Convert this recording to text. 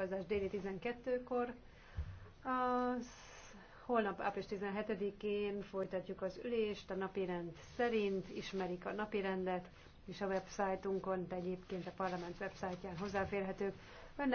szavazás déli 12-kor. Az holnap április 17-én folytatjuk az ülést a napirend szerint, ismerik a napirendet, és a websájtunkon, egyébként a parlament websájtján hozzáférhetők. Önnek